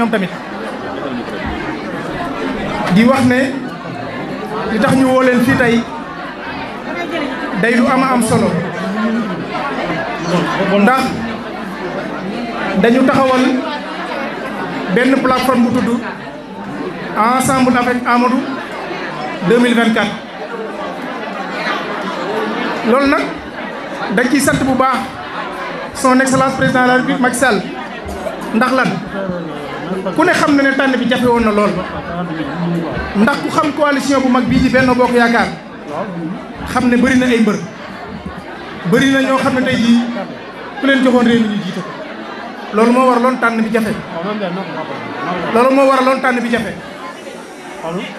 ñoom tamit di wax ne li tax ñu woo leen fii day lu ama am solo ndax dañu taxawal benn plateforme bu tudd ensemble avec Amadou 2024 loolu nag dañ ciy sant bu baax son excellence président de la république Macky Sall ndax lan ku ne xam na ne tànn bi jafe woon na lool ndax ku xam coalition bu mag bii di Benno Bokk Yaakaar xam ne bëri na ay mbër bëri na ñoo xam ne tey jii ku leen joxoon réew ñu jiite ko loolu moo waraloon tànn bi jafe loolu moo waraloon tànn bi jafe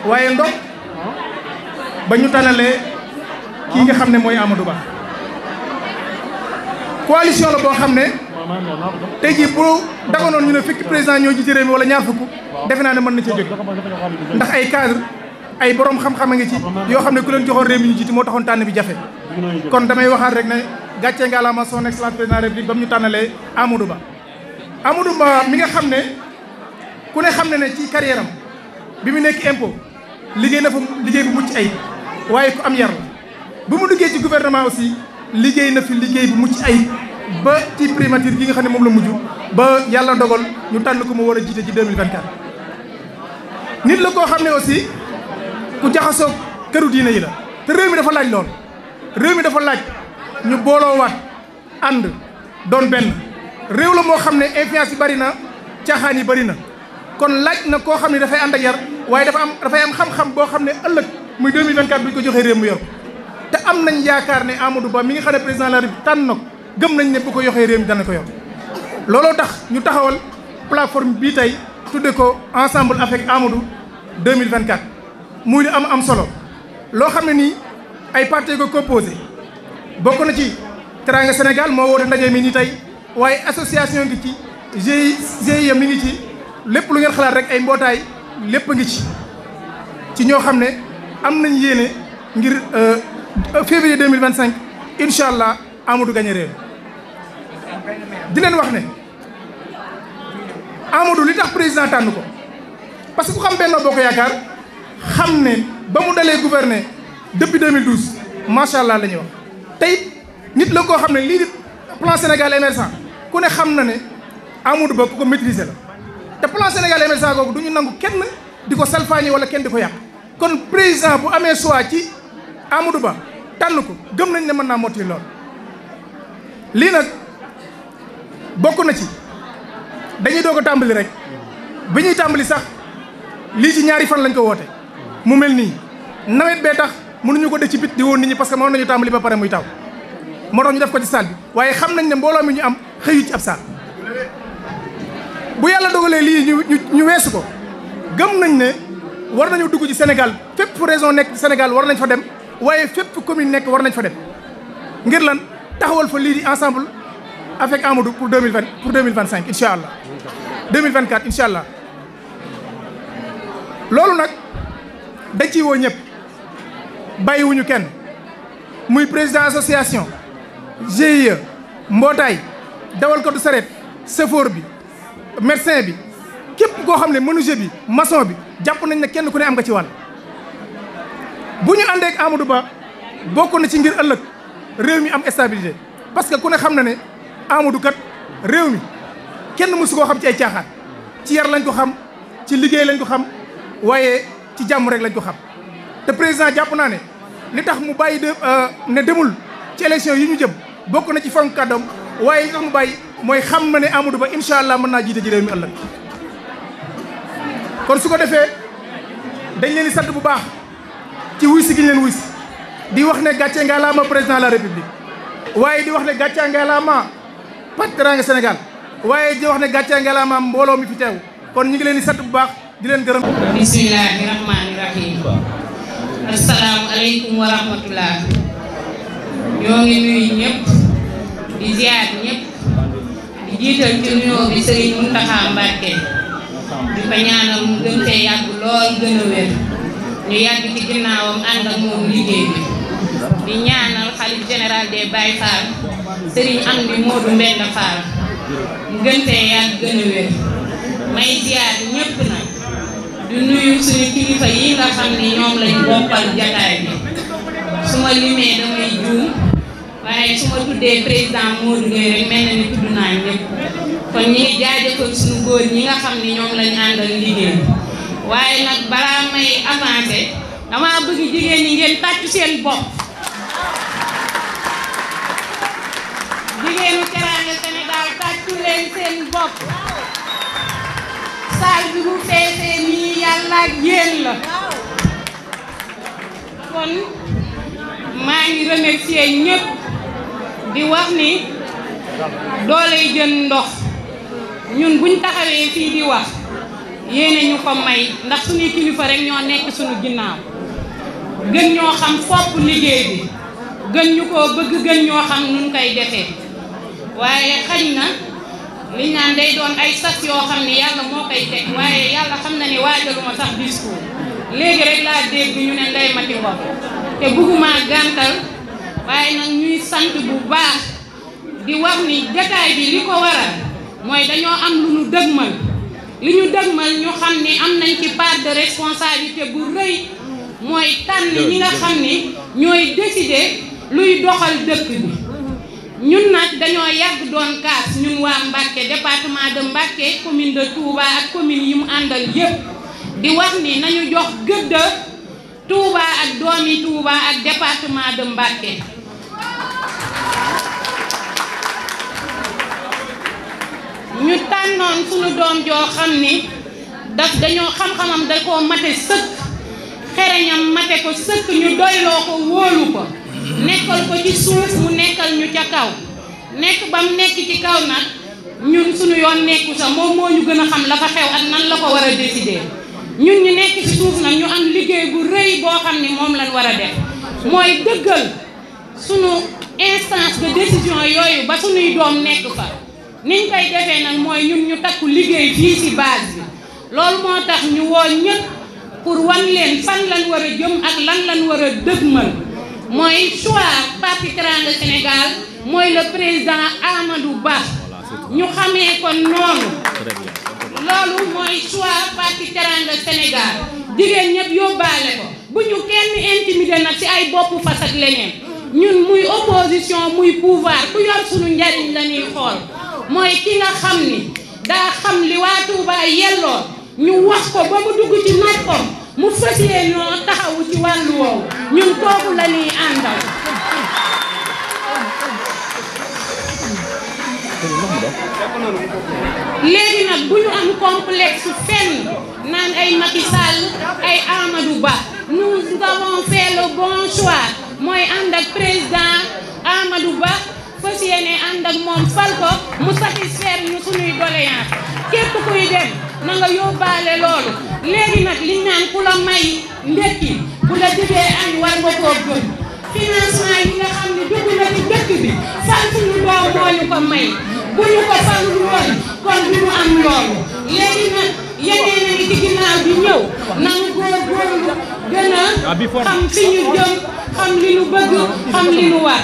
waaye ndox ba ñu tànnalee kii nga xam ne mooy Amadou Ba coalition la boo xam ne tey jii bu daganoon ñu ne fukki président ñoo jiite réew mi wala ñaar fukk defe naa ne mën na cee jóge ndax ay cadre ay borom xam-xam a ngi ci yoo xam ne ku leen joxoon réew mi ñu jiite moo taxoon tànn bi jafe kon damay waxaat rek ne gàccee nga la ma son excellence président république ba mu ñu tànnalee Amadou Ba Amadou Ba mi nga xam ne ku ne xam ne ne ci carrière am bi mu nekk impôt liggéey na fa liggéey bu mucc ayib waaye ku am yar la bu mu duggee ci gouvernement aussi liggéey na fi liggéey bu mucc ayib ba ci primature gi nga xam ne moom la mujj ba yàlla dogal ñu tànn ko mu war a jiite ci 2024. nit la koo xam ne aussi ku jaxasoo këru diine yi la te réew mi dafa laaj lool réew mi dafa laaj ñu booloowaat ànd doon benn réew la moo xam ne influence yi bari na caaxaan yi bari na kon laaj na koo xam ne dafay ànd ak yar waaye dafa am dafay am xam-xam boo xam ne ëllëg muy 2024 bu ñu ko joxee réew mu yor te am nañ yaakaar ne Amadou Ba mi nga xam ne président de la République tànn na ko gëm nañ ne bu ko yoxee réew mi dana ko yor looloo tax ñu taxawal plateforme bii tey tudde ko ensemble avec Amadou 2024 muy lu am am solo loo xam ne nii ay parti ko composé bokk na ci Teranga Sénégal moo woote ndaje mi nii tey waaye association ngi ci GIE mi ngi ci lépp lu ngeen xalaat rek ay mbootaay lépp ngi ci ci ñoo xam ne am nañ yéene ngir euh, février 2025 incha allah Amadou gagné di leen wax ne Amadou li tax président tànn ko parce que ku xam Benno Bokk Yaakaar xam ne ba mu dalee gouverner depuis 2012 macha allah la ñuy wax tey nit la koo xam ne lii di plan Sénégal émergent ku ne xam na ne Amadou Ba ku ko maîtriser la te plan Sénégal émergent googu du ñu nangu kenn di ko salfaañi wala kenn di ko yàq kon président bu amee choix ci Amadou Ba tànn ko gëm nañ ne mën naa motti lool lii nag. bokk na ci dañuy doog a tàmbali rek bi ñuy tàmbali sax lii ci ñaari fan lañ ko woote mu mel nii nawet bee tax mënuñu ko def ci bit di woon nit ñi parce que mënoon nañu tàmbali ba pare muy taw moo tax ñu def ko ci salle bi waaye xam nañ ne mbooloo ñu am xëyu ci ab salle bu yàlla dogalee lii ñu ñu weesu ko gëm nañ ne war nañu dugg ci Sénégal fépp région nekk ci Sénégal war nañ fa dem waaye fépp commune nekk war nañ fa dem ngir lan taxawal fa lii di ensemble avec Amadou pour 2020 pour 2025 Inch'Allah. 2024 inchallah allah loolu nag dañ ciy woo ñëpp bàyyiwuñu kenn muy président association GIE mbootaay dawalkatu sareet chauffeur bi médecin bi képp koo xam ne menuisier bi maçon bi jàpp nañ ne kenn ku ne am nga ci bu ñu ak Amadou Ba bokk na ci ngir ëllëg mi am stabilité parce que ku ne xam Amadou kat réew mi kenn mësu koo xam ci ay caaxaan ci yar lañ ko xam ci liggéey lañ ko xam waaye ci jàmm rek lañ ko xam te président jàpp naa ne li tax mu bàyyi de euh, ne demul ci élection yi ñu jëm bokk na ci fonk kàddoom waaye li tax mu bàyyi mooy xam na ne Amadou Ba incha allah mën naa jiite ji réew mi ëllëg kon su ko defee dañ leen di sant bu baax ci wuy si gi ñu leen di wax ne gàcce nga ma président de la république waaye di wax ne gàcce nga pat teranga sénégal waaye di wax ne gàccee mam mbolo mi fi tew kon ñi ngi leen di sat bu baax di leen gërëm bismillahi rahmani rahim asalaamualeykum wa rahmatullah yo ngi nuyu ñëpp di ziar ñëpp di jiital ci nuyoo bi serigne muntaha Mbàkke di ko mu gën te yag lool gën a ñu yag ci ginnaawam and ak moom liggéey bi di ñaanal xalif general des Baye Fall Serigne Amdi Modou Mbenda Fall mu gëntee yàgg gën a wér may ziar ñëpp nag di nuyu suñu kilifa yi nga xam ne ñoom lañ bokkal jataay bi su limee damay juum waaye su tuddee président Modou Gueye rek mel na ni tudd naa ñëpp kon ñi ngi jaajëfal suñu góor ñi nga xam ne ñoom lañ àndal liggéey waaye nag balaa may avancé dama bëgg jigéen ñi ngeen tàccu seen bopp seen bopp saal bi mu feesee nii yàlla ak la kon maa ngi remercier ñëpp di wax ni dooley jën ndox ñun buñ taxawee fii di wax yéene ñu ko may ndax suñuy kilifa rek ñoo nekk suñu ginnaaw gën ñoo xam fopp liggéey bi gën ñu koo bëgg gën ñoo xam nun koy defee waaye xañ na liñ naan day doon ay sas yoo xam ne yàlla moo koy teg waaye yàlla xam na ne waajaluma sax discours léegi rek laa dégg ñu ne Ndeye Maty te bëgguma gàntal waaye nag ñuy sant bu baax di wax ni jataay bi li ko waral mooy dañoo am lu ñu dëgmal li ñu dëgmal ñu xam ni am nañ ci part de responsabilité bu rëy mooy tànn ñi nga xam ni ñooy décider luy doxal dëkk bi ñun nag dañoo yàgg doon kaas ñun waa Mbacké département de Mbacké commune de Touba ak commune yi mu àndal yëpp di wax ni nañu jox gëdd Touba ak doomi Touba ak département de Mbacké ñu tànnoon suñu doom joo xam ni daf dañoo xam-xamam da koo mate sëkk xereñam mate ko sëkk ñu doyloo ko wóolu ko nekkal ko ci suuf mu nekkal ñu ca kaw nekk ba mu nekk ci kaw nag ñun suñu yoon nekku sax moom moo ñu gën a xam la fa xew ak nan la ko war a décider ñun ñu nekk ci suuf nag ñu am liggéey bu rëy boo xam ni moom lañ war a def mooy dëggal suñu instance de décision yooyu ba suñuy doom nekk fa niñ koy defee nag mooy ñun ñu takku liggéey fii ci base bi loolu moo tax ñu woo ñëpp pour wan leen fan lañ war a jëm ak lan lañ war a dëgmal mooy choix parti Sénégal mooy le président Amadou Ba ñu xamee ko noonu loolu mooy choix parti Sénégal jigéen ñëpp yóbbaale ko bu ñu kenn intimider nag ci ay boppu fas ak leneen ñun muy opposition muy pouvoir ku yor suñu njariñ la ñuy xool mooy ki nga xam ni daa xam li waa Touba yelloo ñu wax ko ba mu dugg ci noppam mu fas yéenoo taxawu ci wàllu woowu ñun kooku la ñuy léegi nag bu ñu am complexe fenn naan ay Macky ay Amadou Ba nous avons fait bon choix mooy ànd ak président Amadou Ba fas yéene ànd ak moom fal mu satisfaire ñu suñuy doléance képp kuy dem. na nga loolu léegi nag liñ naan ku may ndekki bu la añ war nga koo gëm financement yi nga xam ne dugg na ci bi sant ñu doom moo ñu ko may bu ko sant woon kon du ñu am loolu léegi nag yeneen a ngi ci ginnaaw bi ñëw nanga góorgóorlu ah, xam fi ñu xam li ñu bëgg xam li ñu war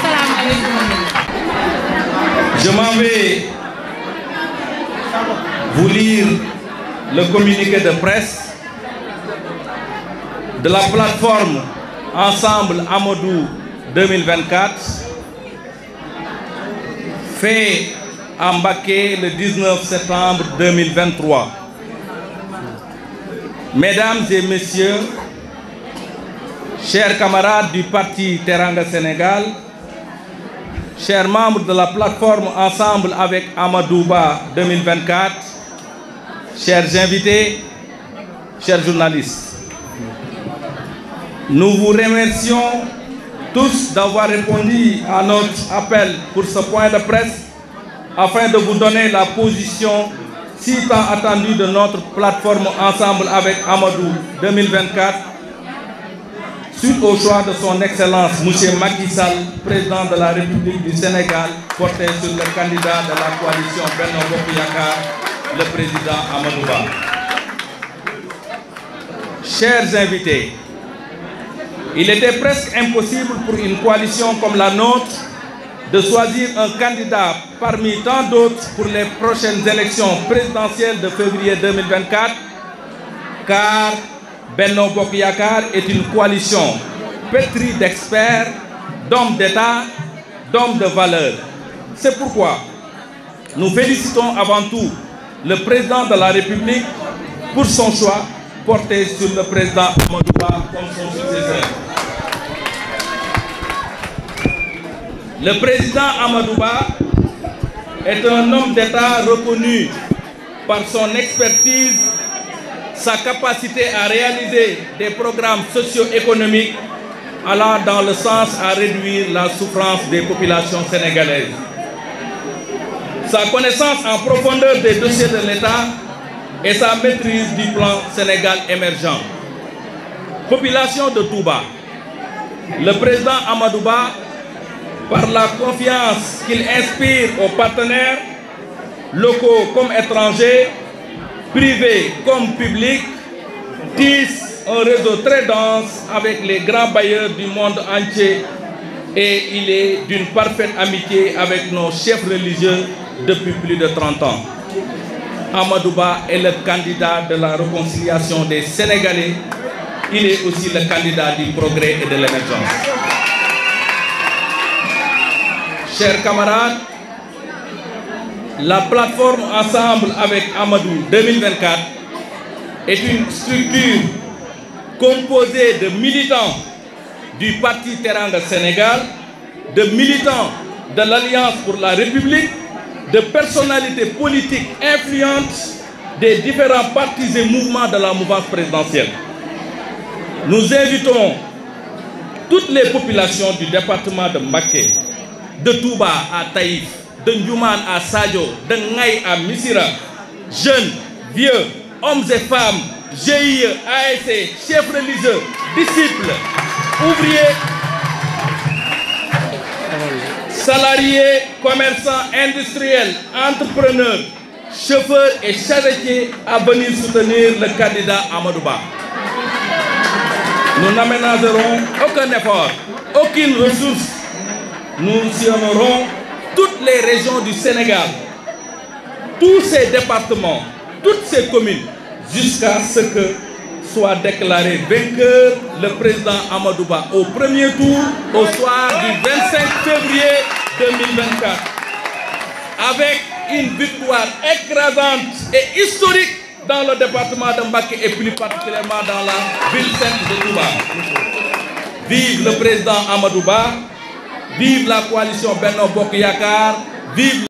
Je m'en vais vous lire le communiqué de presse de la plateforme Ensemble Amadou 2024 fait en le 19 septembre 2023. Mesdames et messieurs, chers camarades du parti Teranga Sénégal, chers membres de la plateforme Ensemble avec Amadouba 2024, chers invités, chers journalistes, nous vous remercions tous d'avoir répondu à notre appel pour ce point de presse afin de vous donner la position si tant attendue de notre plateforme Ensemble avec Amadou 2024 suite au choix de son Excellence M. Macky Sall, président de la République du Sénégal, porté sur le candidat de la coalition Benno Bokuyaka, le président Amadouba. Chers invités, il était presque impossible pour une coalition comme la nôtre de choisir un candidat parmi tant d'autres pour les prochaines élections présidentielles de février 2024, car Benno Bok est une coalition pétrie d'experts, d'hommes d'État, d'hommes de valeur. C'est pourquoi nous félicitons avant tout le président de la République pour son choix porté sur le président Amadouba comme son successeur. Le président Amadouba est un homme d'État reconnu par son expertise sa capacité à réaliser des programmes socio-économiques allant dans le sens à réduire la souffrance des populations sénégalaises. Sa connaissance en profondeur des dossiers de l'État et sa maîtrise du plan Sénégal émergent. Population de Touba, le président Amadouba, par la confiance qu'il inspire aux partenaires locaux comme étrangers, privé comme public, tissent un réseau très dense avec les grands bailleurs du monde entier et il est d'une parfaite amitié avec nos chefs religieux depuis plus de 30 ans. Amadouba est le candidat de la réconciliation des Sénégalais. Il est aussi le candidat du progrès et de l'émergence. Chers camarades, la plateforme Ensemble avec Amadou 2024 est une structure composée de militants du Parti Teranga Sénégal, de militants de l'Alliance pour la République, de personnalités politiques influentes des différents partis et mouvements de la mouvance présidentielle. Nous invitons toutes les populations du département de Maké, de Touba à Taïf, de Njuman à Sadio, de Ngaï à Misira, jeunes, vieux, hommes et femmes, GIE, ASC, e, chefs religieux, disciples, ouvriers, salariés, commerçants, industriels, entrepreneurs, chauffeurs et charretiers à venir soutenir le candidat Amadouba. Nous n'aménagerons aucun effort, aucune ressource. Nous aurons toutes les régions du Sénégal, tous ces départements, toutes ces communes, jusqu'à ce que soit déclaré vainqueur le président Amadouba au premier tour au soir du 25 février 2024. Avec une victoire écrasante et historique dans le département de et plus particulièrement dans la ville sainte de Touba. Vive le président Amadouba, Vive la coalition Benno Bokk Yakaar vive